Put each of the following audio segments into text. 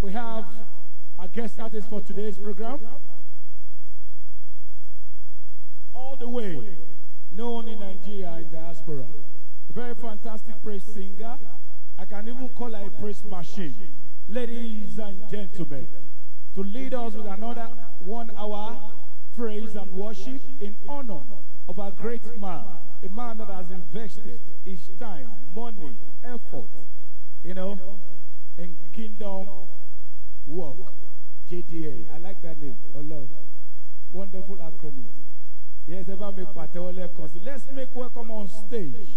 We have our guest artist for today's program. All the way, known in Nigeria in diaspora. A very fantastic praise singer. I can even call her a praise machine. Ladies and gentlemen, to lead us with another one hour praise and worship in honor of our great man, a man that has invested his time, money, effort, you know, in kingdom Work. JDA. I like that name. A lot. Wonderful acronym. Yes, ever make Patewole Let's make welcome on stage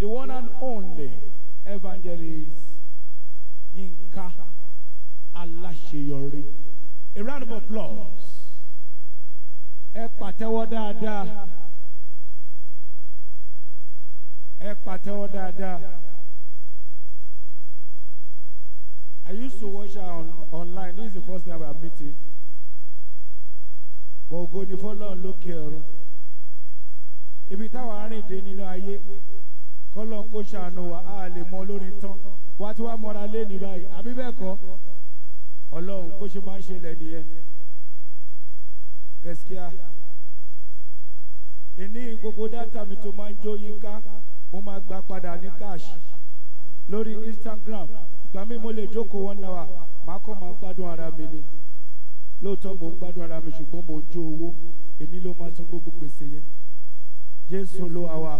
the one and only evangelist Yinka Alashiyori. A round of applause. Ẹ pàtẹ́wọ́ dáadáa. Ẹ pàtẹ́wọ́ dáadáa. I used to watch her on, online. This is the first time I'm meeting. But go ni fọlọ́n lókè ọ̀run. Ibi táwọn arìndé nínú ayé kọ́lọ́n kó ṣàánú wa á lè mọ lórí tán. Wá Tom. wá mọ́ra lé ní báyìí. Àbí bẹ́ẹ̀ kọ́? Ọlọ́run kó ṣe máa ń ṣẹlẹ̀ nìyẹn. Gaskiya. Ìní gbogbo dátà mi tó máa ń jó yín mo máa gbà padà ní cash lórí Instagram gbà mí mo lè jókòó one hour màá kọ́ máa gbádùn ara mi ni lóòótọ́ mò ń gbádùn ara mi ṣùgbọ́n mò ń jó owó èmi ló máa san gbogbo gbèsè yẹn Jésù ló wà wá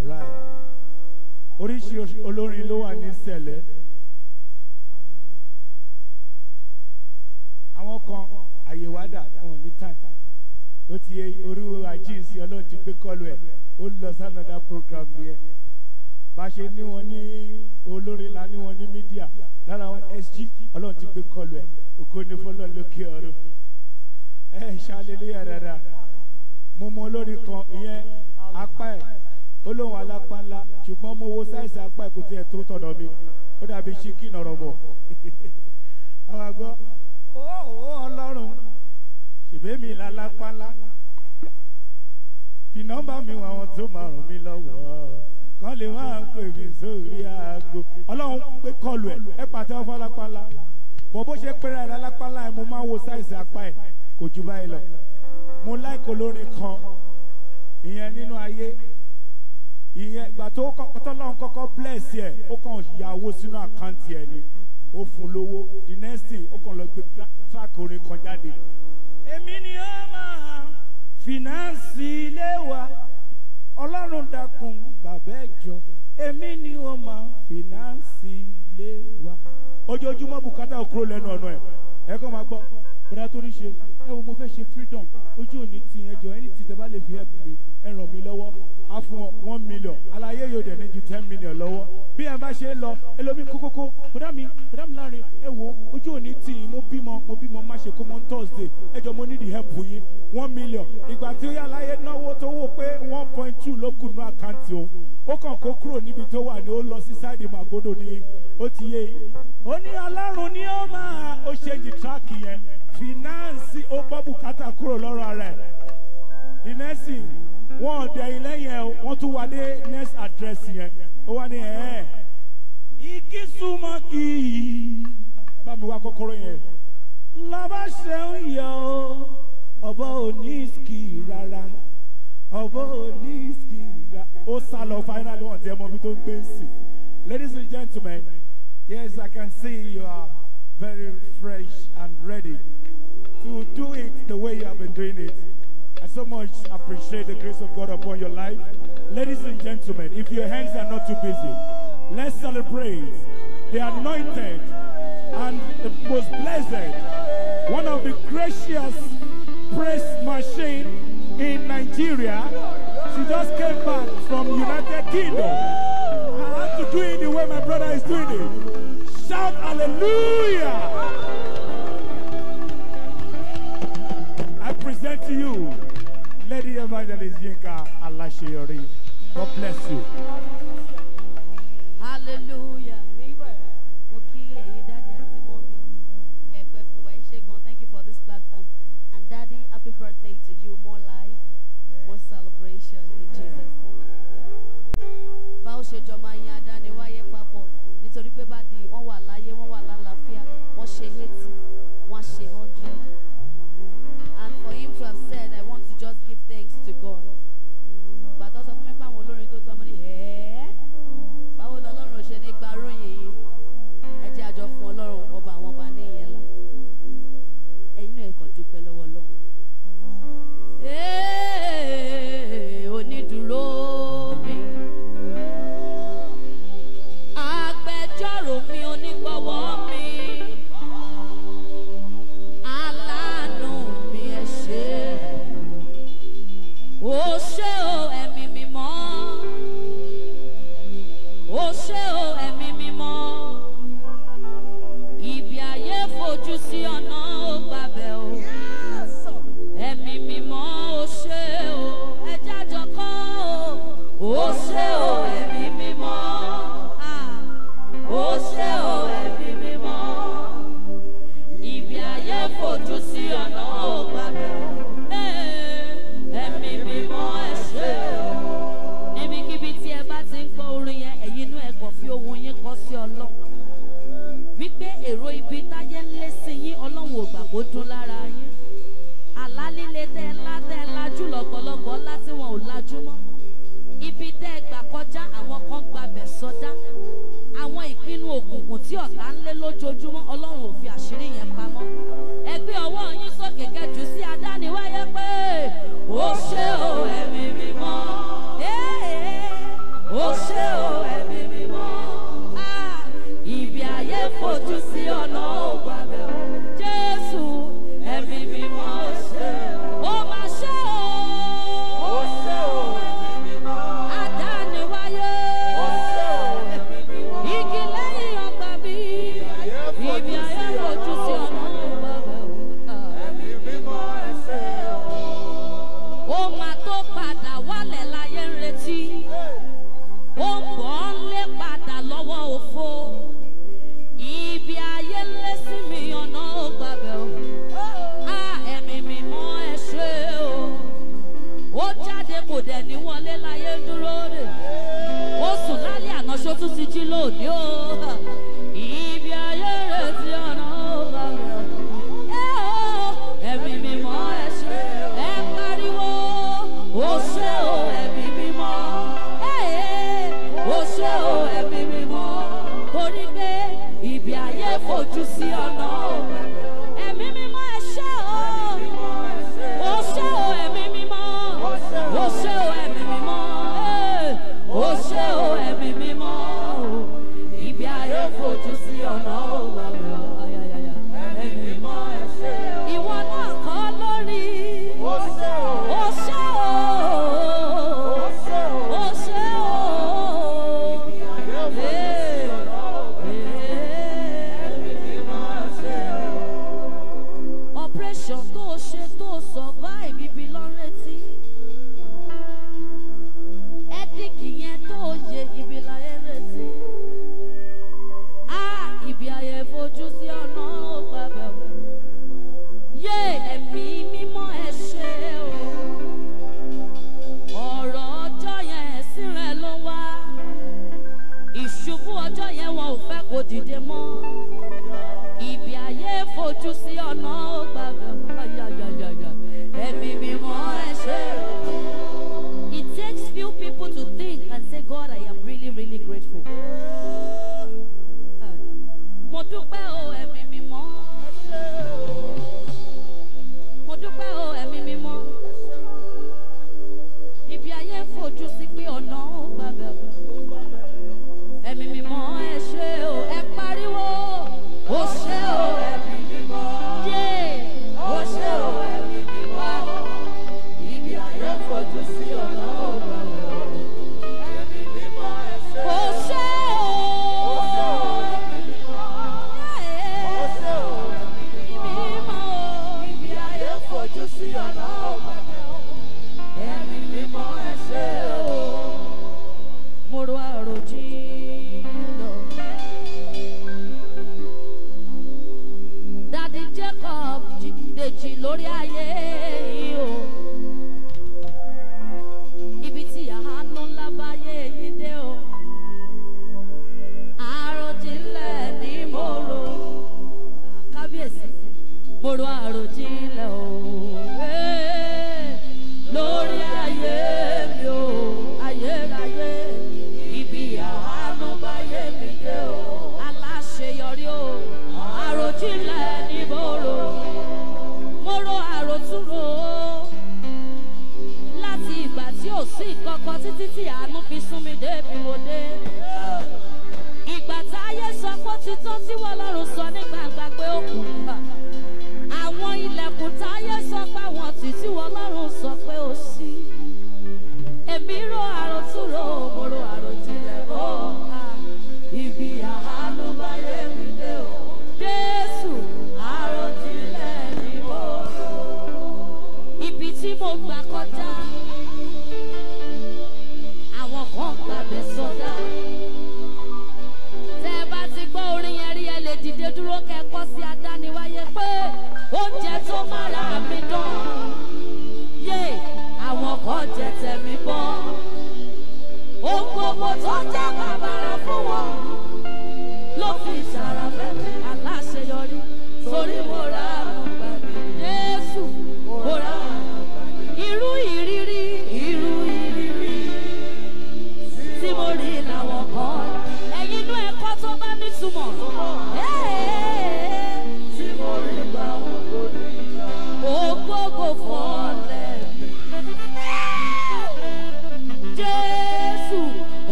ara ẹ̀ oríṣi olórin ló wà ní sẹ̀lẹ̀ àwọn kan àyèwádà wọn ní time ó ti orí ajíǹsì ọlọ́run ti gbé kọlu ẹ̀ ó lọ sí another program yẹn bá ṣe ní wọn ní olórí la ní wọn ní mídíà lára wọn sg ọlọ́run ti gbé kọlu ẹ̀ ògo ní fọlọ́ lókè ọ̀run ẹ ṣàlélẹ́ yàrá mo mọ olórí kan ìyẹn apá ẹ̀ ó lóun alápá ńlá ṣùgbọ́n mo wo sáìsì apá ẹ̀ kò tiẹ̀ tó tọ̀dọ̀ mi ó dàbí ṣíkìn ọ̀rọ̀ bọ̀ àwọn àgbọ̀ ó ọlọ́run ṣèbémi lálápá ńlá fi nọ́mbà mi wọn àwọn tó máa ràn mí lọ́wọ́ kọ́ lè máa ń pè mí sórí aago ọlọ́run pé kọlù ẹ̀ ẹ pàtẹ́ ọ̀fọ́ lápálá bọ̀ bó ṣe pẹ́rẹ́ rẹ̀ lápálá ẹ̀ mo máa ń wo sáìsì apá ẹ̀ kò ju báyìí lọ mo láìkò olórin kan ìyẹn nínú ayé ìyẹn ìgbà tó tọ́lọ́run kọ́kọ́ bless ẹ̀ ó kàn yàwó sínú àkáǹtì ẹ̀ ni ó fún lówó the next thing ó kàn lọ gbé track orin kan jáde èmi ni ó máa fìnánsì ilé wa ọlọ́run dákun bàbá ẹ̀jọ èmi ni ó máa fìnáǹsì lé wa ojoojúmọ́ bùkátà ò lẹ́nu ọ̀nà ẹ̀ ẹ̀ kọ́ máa gbọ́ bọ̀dá tó ní ṣe ẹ wo mo fẹ́ ṣe freedom ojú òní ti yẹn jọ ẹni tí tẹ́bá lè fi help mi ẹ ràn mí lọ́wọ́ á fún ọ one million aláyé yóò dẹ̀ ní ju ten million lọ́wọ́ bí ẹ bá ṣe ń lọ ẹlòmí kókókó bọ̀dá mi bọ̀dá mi láàrin ẹ wo ojú òní ti yín mo bímọ mo bímọ má ṣe kó mọ́ Thursday ẹ jọ mo need help yín one million ìgbà tí ó yá aláyé náwó tó wò pé one point two ló kù ní àkáǹtì o ó kàn kó kúrò níbi tó wà ní ó lọ sí sáìdì Màgódò ní ó ti yé e ó ní Ọlọ́run ni ó máa ó ṣe jì tíráàkì yẹn fìnáǹsì ó bọ́ bùkátà kúrò lọ́rọ̀ ara the next wọn ò dẹ̀yìn lẹ́yìn ẹ̀ tún wá dé next address yẹn ó wá ní ẹ̀ ẹ́ ikí súnmọ́ kí yìí bá mi wá kọ́kọ́rọ́ yẹn lọ́ba ṣeun yọ ọ̀bọ òní ìsìkì rárá ọ̀bọ òní ìsìkì rárá ó sá lọ finally wọn ti ẹ mọ ibi tó ń gbé sí ladies and gentlemen yes i can see you are very fresh and ready. to do it the way you have been doing it. I so much appreciate the grace of God upon your life. Ladies and gentlemen, if your hands are not too busy, let's celebrate the anointed and the most blessed, one of the gracious press machines in Nigeria. She just came back from United Kingdom. I have to do it the way my brother is doing it. Shout hallelujah! to you, Lady Evangelist Yinka Alaseyori. God bless you. Hallelujah. see sí ọ̀nà.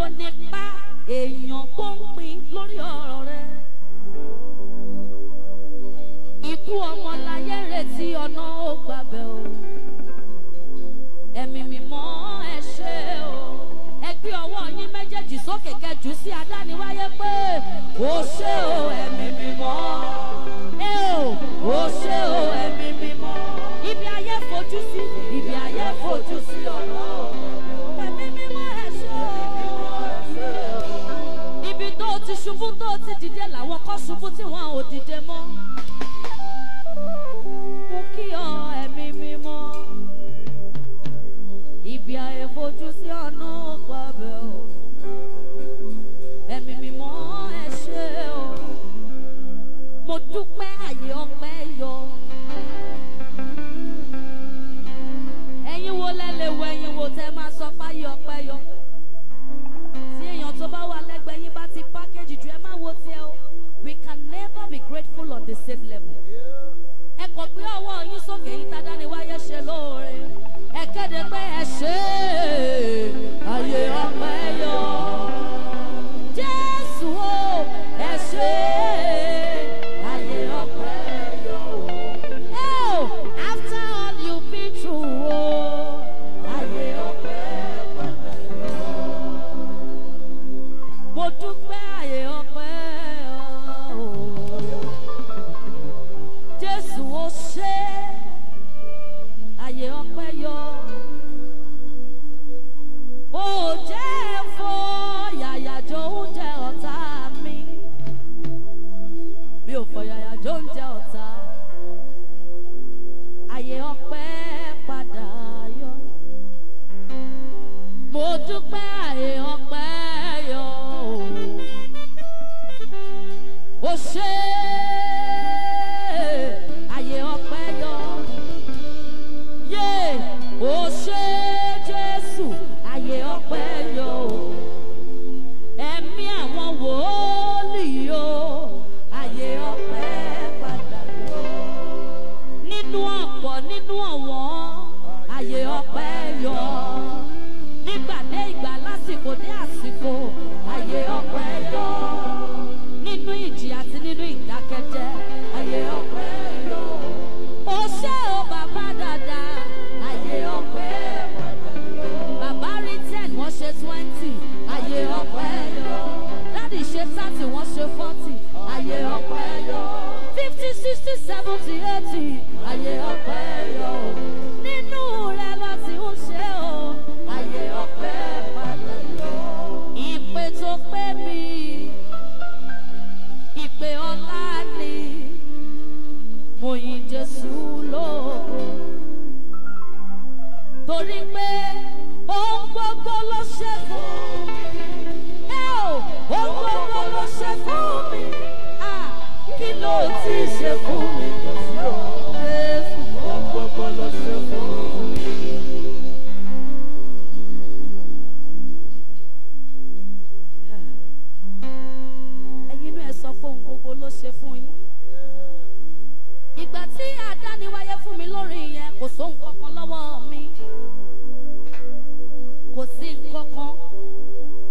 ló nípa èèyàn tó ń pín lórí ọ̀rọ̀ rẹ. ikú ọmọ láyé retí ọ̀nà ó gbàbẹ̀ o ẹ̀mí mímọ́ ẹ ṣe o ẹ gbé ọwọ́ yín méjèèjì sókè kẹjù sí adániwáyé pé o ṣe o ẹ. ṣubú tó ti dìde làwọn kọ́ ṣubú tí wọ́n ò dìde mọ́. Okay. ṣe fún yín. ìgbà tí àdániwáyé fún mi lórí yẹn kò sóhun kankan lọ́wọ́ mi kò sí nǹkan kan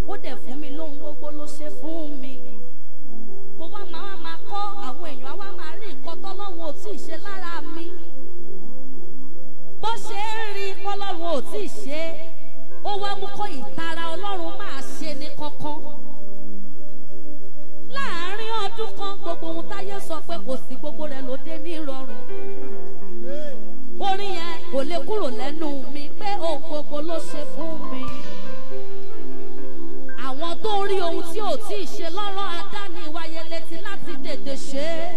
ó dẹ̀ fún mi lóhun gbogbo ló ṣe fún mi mo wá máa máa kọ́ àwọn èèyàn wá máa rí nǹkan tọ́lọ́run ò tí ì ṣe lára mi bó ṣe ń rí kọ́lọ́run ò tí ì ṣe ó wá mú kó ìtara ọlọ́run máa ṣe ní kankan lọ́dún kan gbogbo ohun táyé sọ pé kò sí gbogbo rẹ̀ ló dé ní ìrọ̀rùn orin yẹn kò lè kúrò lẹ́nu mi pé ohun gbogbo ló ṣe fún mi àwọn tó rí ohun tí ò tí ì ṣe lọ́rọ̀ adáni wáyé létí láti tètè ṣe é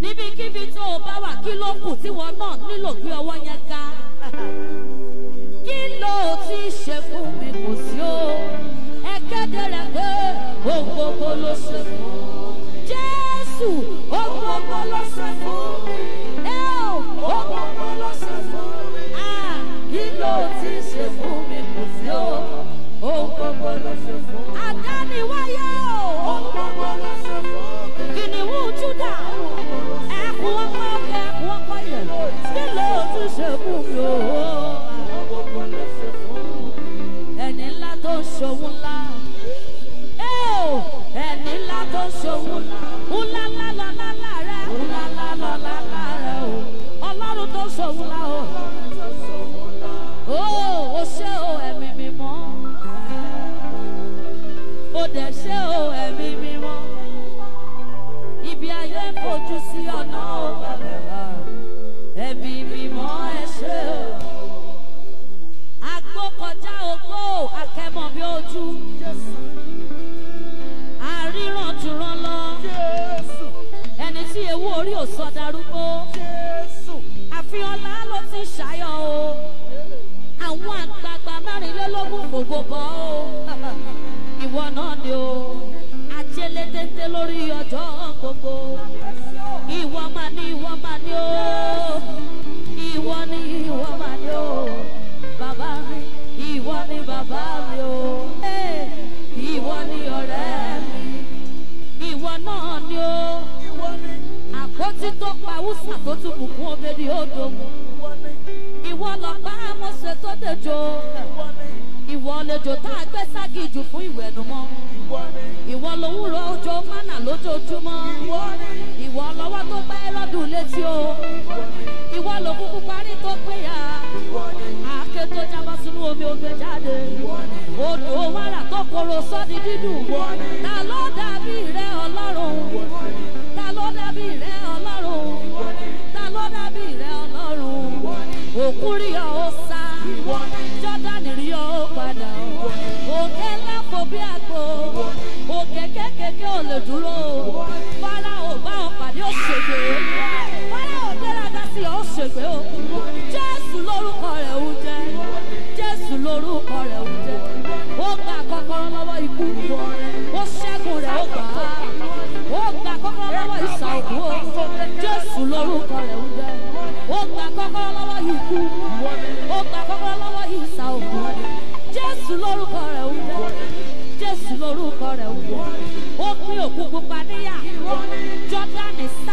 níbikíbi tó o bá wà kí ló kù tí wọn náà nílò gbé ọwọ́ yẹn ga kí ló ti ṣe fún mi dára pé òun gbogbo ló ṣe fún.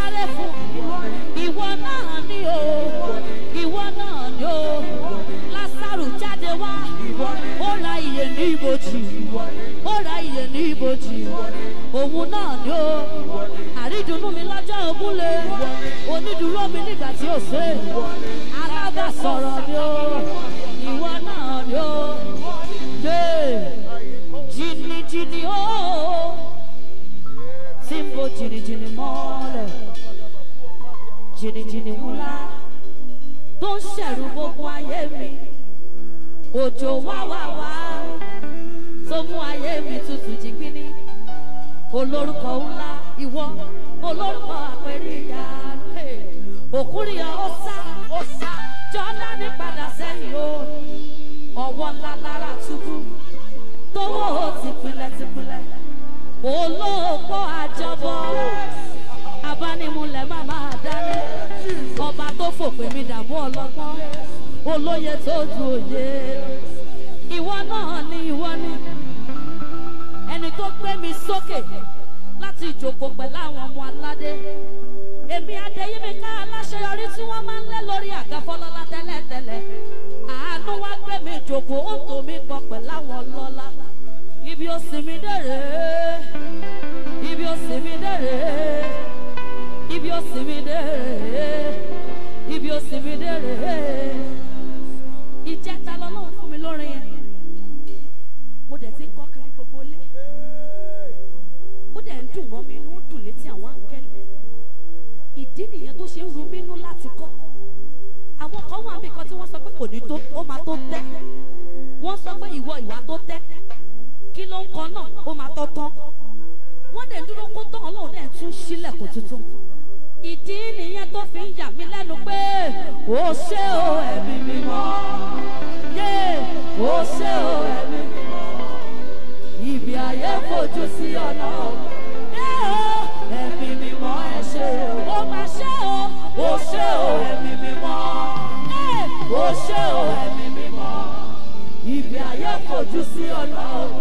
sáré fún ìwọ náà ni o ìwọ náà ni o Lásárù jáde wá ó ra ìyè ní ibojì ó ra ìyè ní ibojì òun náà ni o àrídùnnú mi lọ́jọ́ ògúnlé onídùúró mi nígbà tí ó ṣe arábà sọ̀rọ̀ ni o ìwọ náà ni o jìnnìjìnnì o tí ń bo jìnnìjìnnì. dẹ̀rù bókun ayé mi òjò wá wá wá tó mú ayé mi tutù jìgbìnì olórúkọ ńlá ìwọ olórúkọ àpẹríyà òkúrìyà ó sá ó sá jọ́dá ní padà sẹ́yìn o ọwọ́ ńlá lára túbú tówó ó tìpìlẹ̀ tìpìlẹ̀ olóòpó àjọbọ. tó fòpin mi dààmú ọlọ́gbọ́n olóye tó du òye ìwọ náà ni ìwọ ni ẹni tó gbé mi sókè láti ìjókòó pẹ̀lú àwọn ọmọ aládé èmi adéyímíká aláṣeyọrí tí wọ́n máa ń lé lórí àga tẹ́lẹ̀tẹ́lẹ̀ àánú wá gbé mi jókòó ó tò mí pọ̀ pẹ̀lú àwọn ọlọ́lá ibi ó sì mí dèrè ibi ó sì mí dèrè ibi ó sì mí dèrè ìjẹta lọ́lọ́run fún mi lórin yẹn mo dẹ̀ ti ń kọ́ kiri gbogbo ilé ó dẹ̀ ń dùn mọ́ mi inú ń dùn létí àwọn àkẹ́lẹ́ ìdí nìyẹn tó ṣe ń ru mí inú láti kọ́ àwọn kan wà níbi kan tí wọ́n sọ pé kò ní tó ó máa tó tẹ́ wọ́n sọ pé ìwọ ìwà tó tẹ́ kí ló ń kan náà ó máa tọ́ tán wọ́n dẹ̀ dúró kó tán ọlọ́run dẹ̀ tún sílẹ̀kùn tuntun ìdí nìyẹn tó fi ń yà mí lẹ́nu ó ṣé o ẹ̀mí mímọ́ yé ó ṣé o ẹ̀mí mímọ́ ibi ayé fojú sí ọ̀nà yé o ẹ̀mí mímọ́ ẹ ṣé o ó mà ṣé o ó ṣé o ẹ̀mí mímọ́ yé ó ṣé o ẹ̀mí mímọ́ ibi ayé fojú sí ọ̀nà o.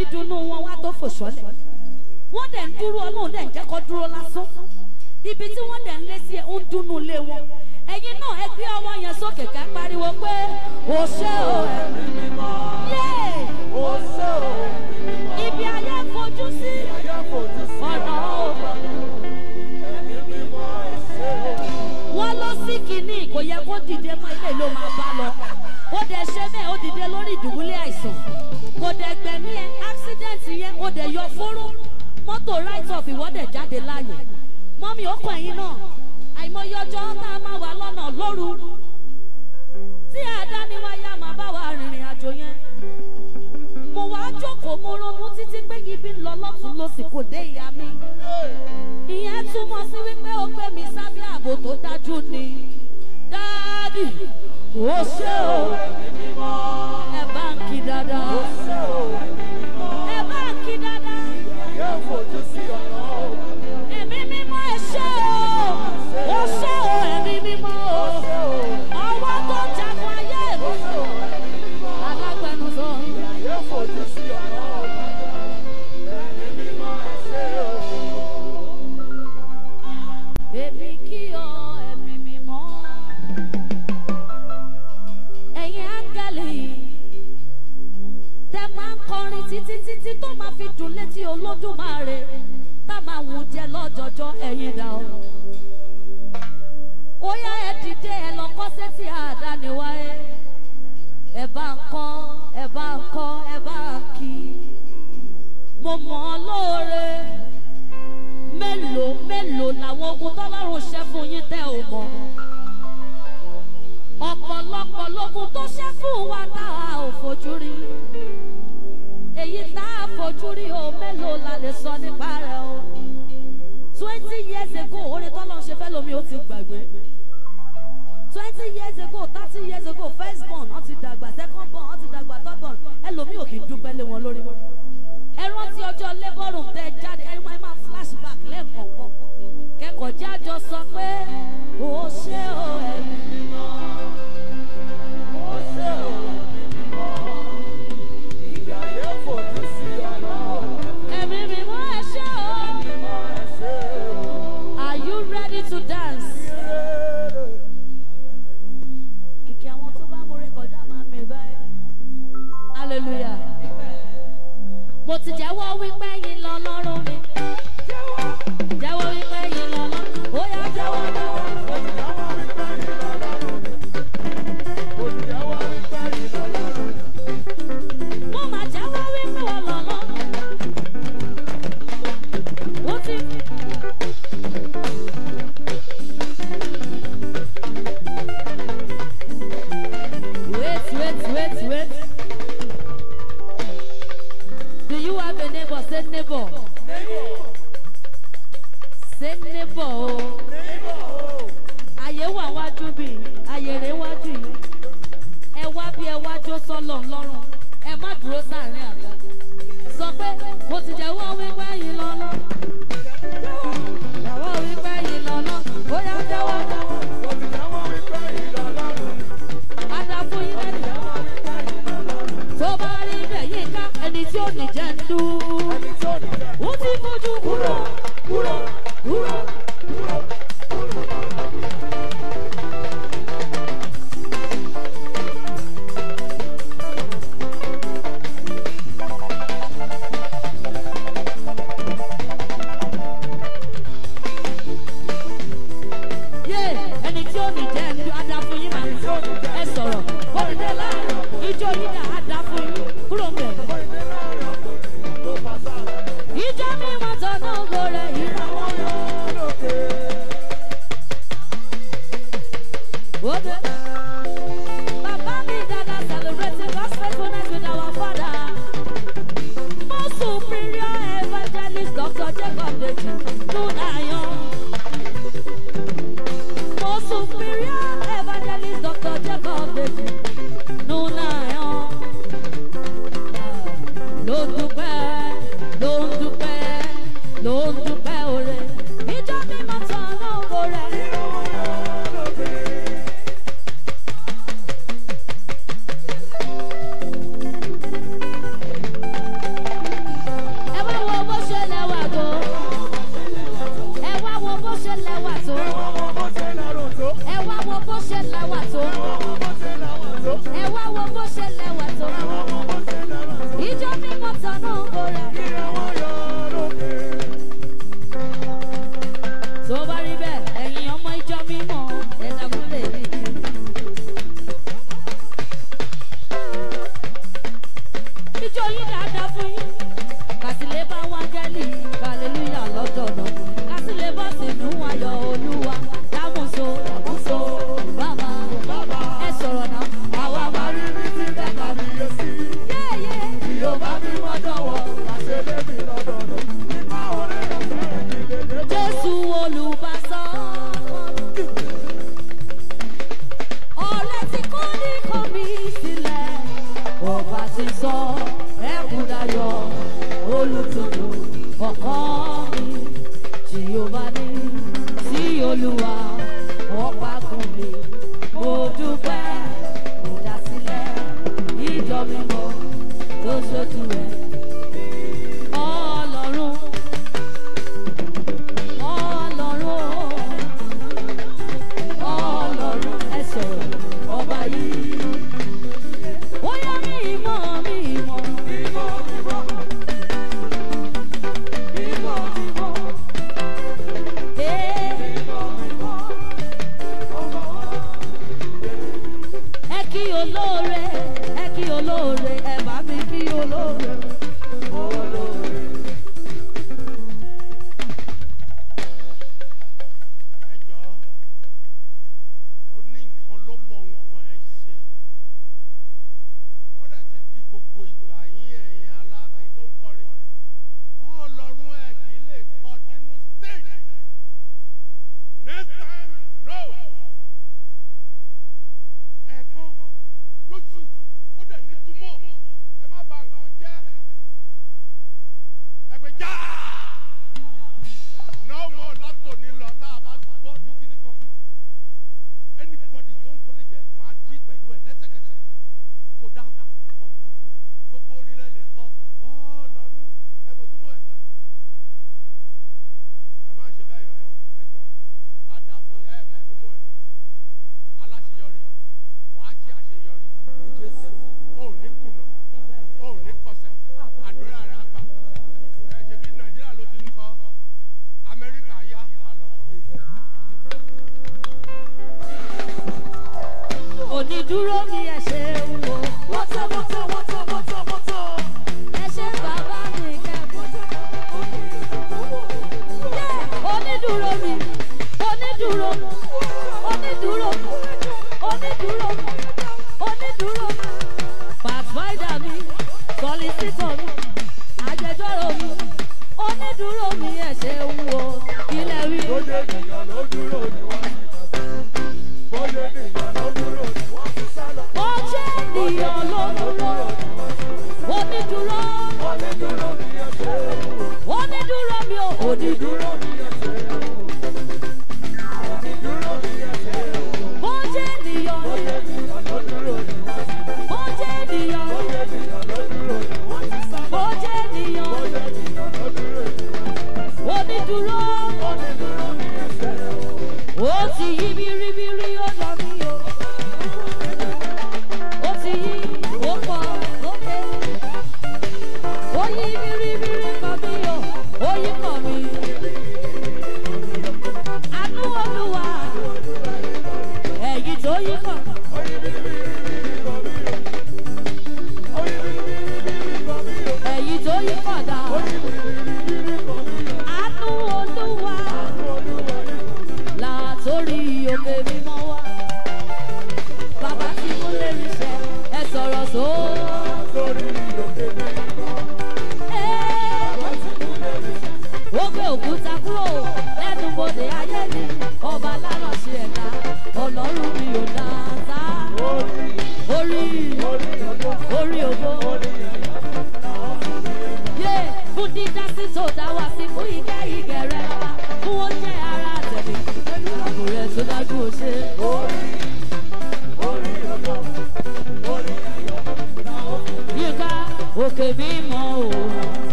rí dunú wọn wá tó fò sọ́lẹ̀ wọ́n dẹ̀ ń dúró ọlọ́run dẹ̀ ń jẹ́ kó dúró lásán ibi tí wọ́n dẹ̀ ń lé sí ẹ̀ ń dúnú lé wọn ẹ̀yin náà ẹ gbé ọwọ́ yẹn sókè ká pariwo pé o ṣé o ẹ̀mí mímọ́ o ṣé o ẹ̀mí mímọ́ ibi ayé fojú sí ọ̀nà o ẹ̀mí mímọ́ o ṣé lọ sí kínní kò yẹ kó dìde mọ́ ilé ló máa bá lọ ó dẹ̀ ṣe bẹ́ẹ̀ ó dìde lórí ìdùbúlẹ̀ àìsàn kò dẹ̀ gbẹ̀mí ẹ ti yé ó dẹ̀ yọ fóró mọ́tò right off ìwọ́dẹ̀ jáde láàyè mọ́mí ó ẹ̀yìn náà àìmọye ọjọ́ tá a máa wà lọ́nà lóru tí àdániwáyà máa bá wa rìnrìn àjò yẹn mo wá jókòó mo ronú títí pé ibi ń lọ lọ́tún lọ́sìn kò dé ìyá mi ìyẹn túmọ̀ sí wípé ó gbé mi sábẹ́ ààbò tó dájú ni dáàdì ó ṣe ò ẹ bá ń kí dáadáa. lẹ́wà tó. ẹ wá wo bó ṣe lẹ́wà tó.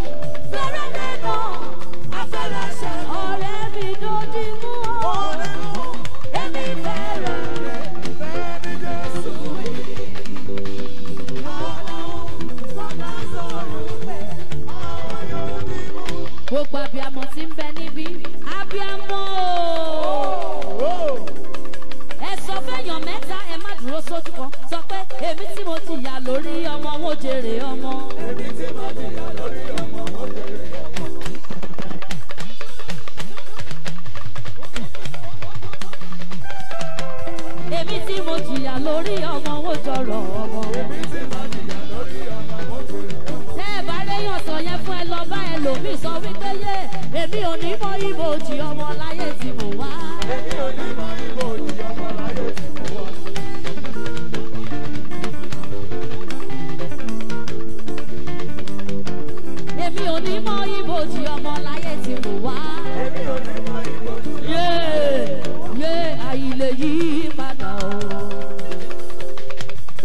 Thank you. ò ní mọ ibo òjì ọmọ láyé tí mo wá. èmi ò ní mọ ibo òjì ọmọ mo wá. èmi ò ní mọ ibo òjì ọmọ mo wá. èmi ò ní mọ ibo òjì ọmọ láyé tí mo wá. yé àìlè yí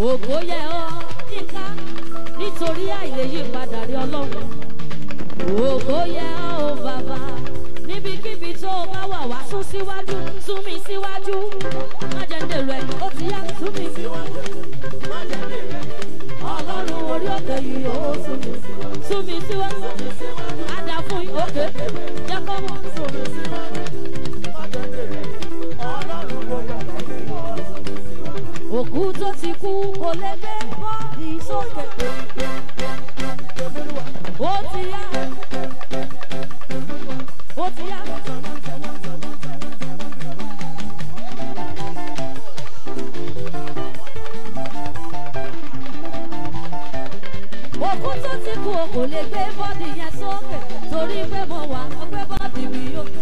o ògo yẹ ọ níka nítorí àìlè yí padà rí òkóyá ó bàbá níbikíbi tó o bá wà wá sún síwájú sún mi síwájú má jẹ́ ń dèrò ẹ̀ ó ti yá sún mi síwájú má jẹ́ ń dèrò ẹ̀ ọlọ́run orí òkè yìí ó sún mi síwájú sún mi síwájú àdá fún yín òkè jẹ́ kọ́ mọ́ sún mi síwájú má jẹ́ ń dèrò ẹ̀ ọlọ́run gbogbo àgbáyé ó sún mi síwájú. òkú tó ti kú kò lè gbé bọ́ọ̀dì sókè pèpè. òkú tó ti kú o kò lè gbé bọ́ọ̀dì yẹn sókè torí pé mo wà ọgbẹ́ bọ́ọ̀dì mi yókè.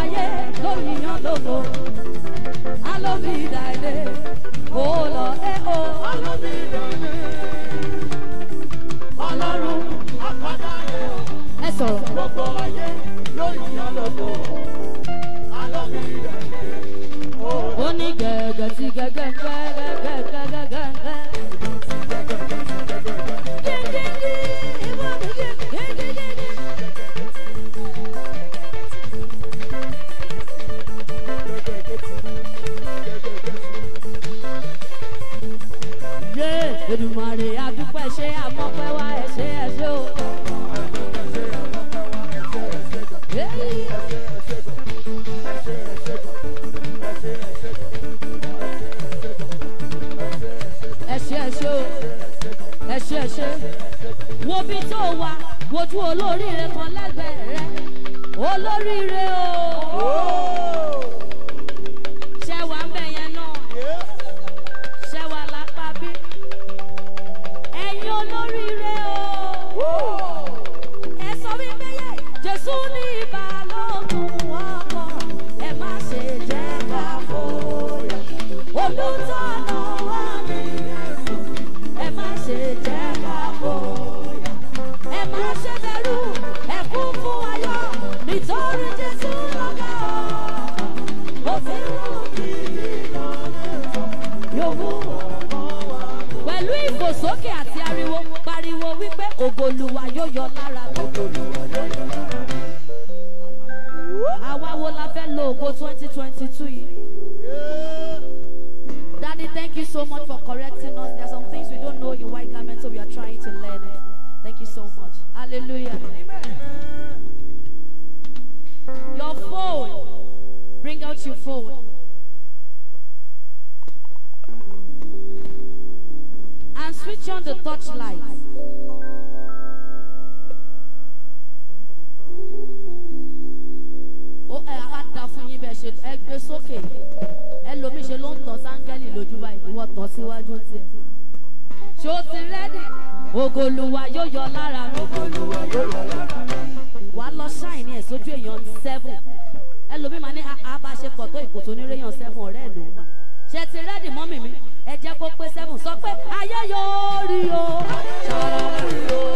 ayé lóyìn yán lóko alóbìdá ilé. wojú olóríire kan lẹ́gbẹ̀ẹ́ rẹ olóríire o. Oh. ògolùwà yóò yọ lára mi. àwa wo la fẹ́ lo ògo twenty twenty two yìí. Daddy, thank you so much for correcting us. There are some things we don't know in white garments, so we are trying to learn it. Thank you so much. Hallelujah. Your phone. Bring out your phone. And switch on the touch light. ṣe ẹ gbé sókè ẹlòmíì ṣe ló ń tọ́ sáńgẹ́lì lójú báyìí ìwọ tọ́ síwájú tiẹ̀. ṣé o ti rẹ́dì? ògòlùwà yóò yọ lára mi. ògòlùwà yóò yọ lára mi. wàá lọ ṣáìní ẹ̀ sójú èèyàn seven ẹlòmíì máa ní abáṣepọ̀ ah, ah, tó ìkòtò oníréyàn seven ọ̀rẹ́ ló wà. ṣé ti rẹ́dì mọ́mì mi ẹ jẹ́ kó pé seven sọ pé ayé yóò rí o. ayé yóò rí o.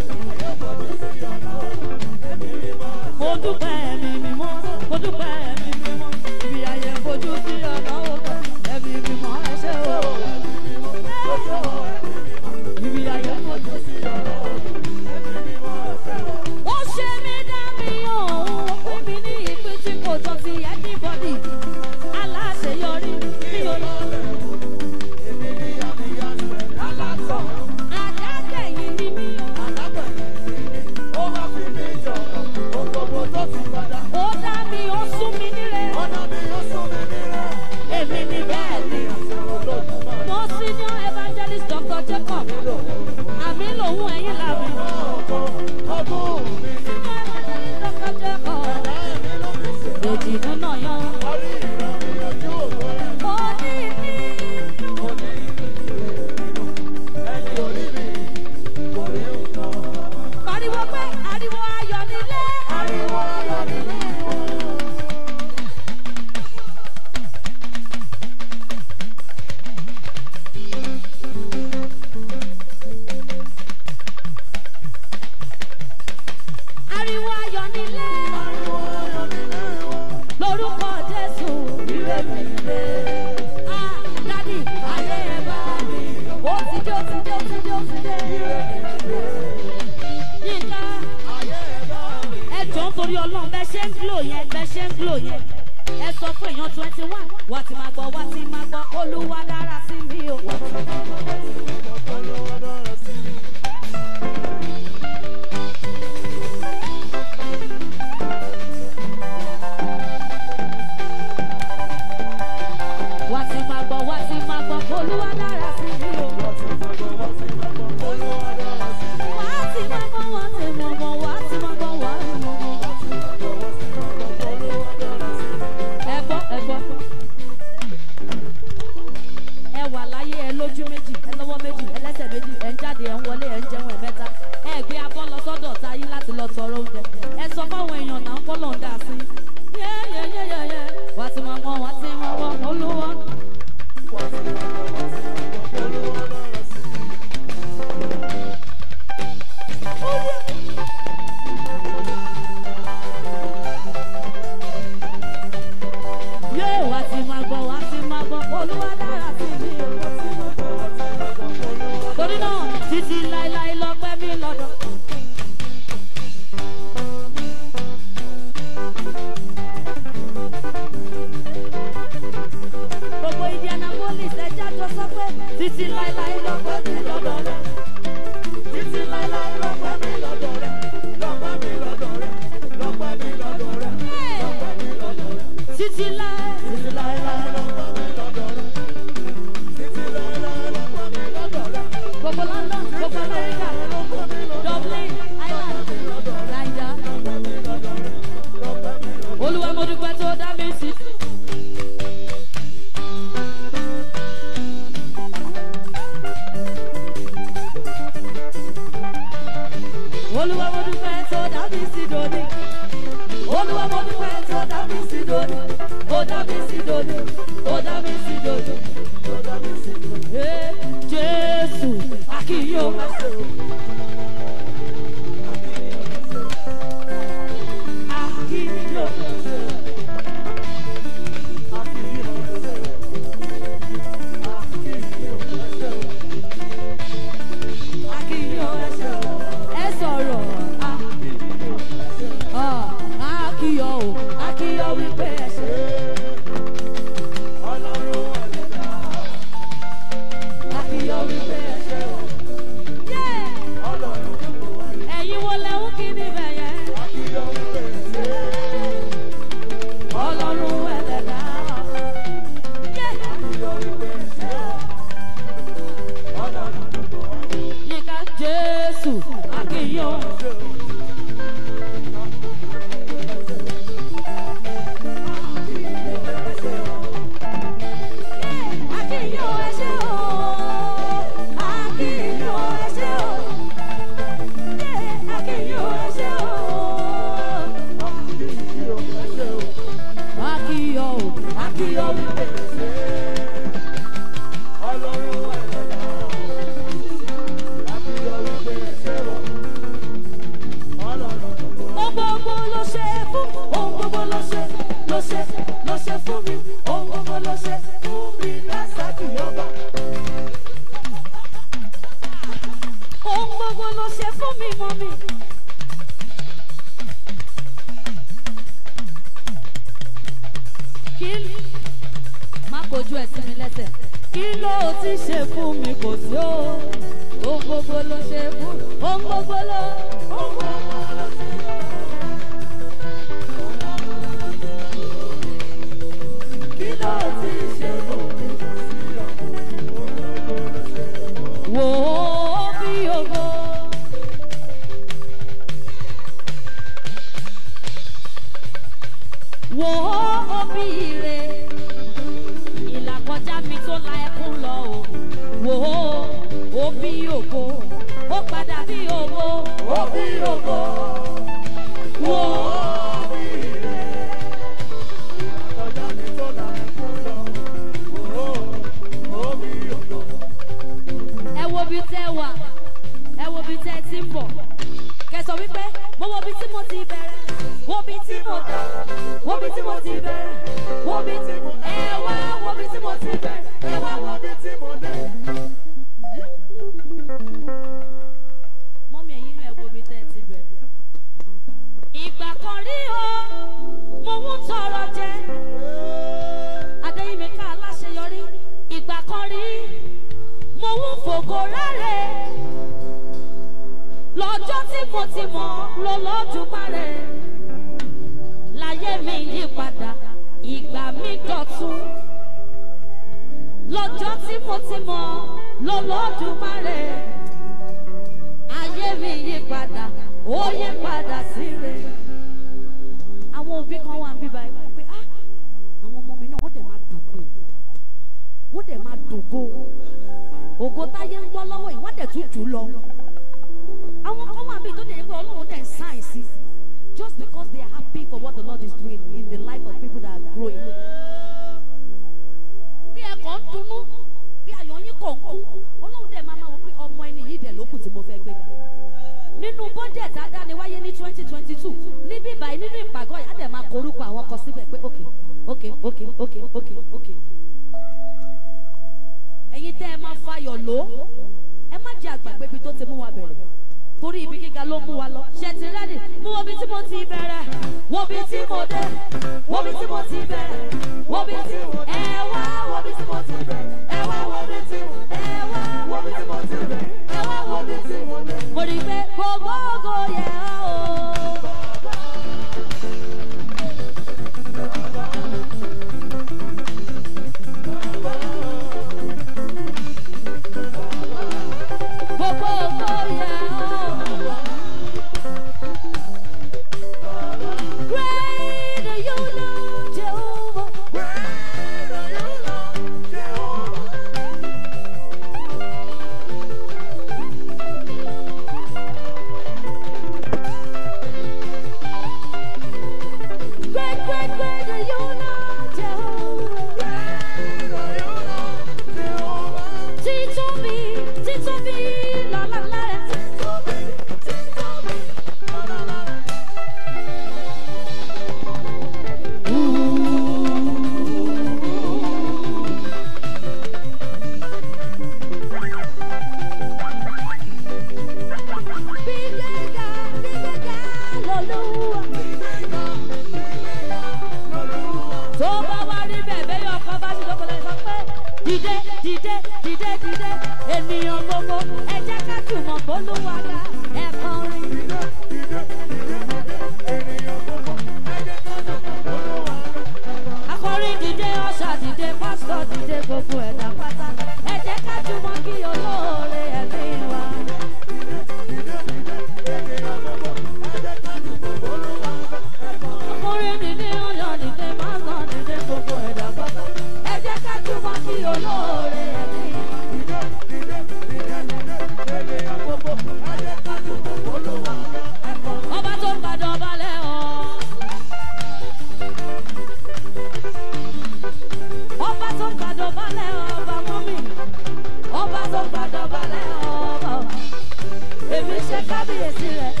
fabulous.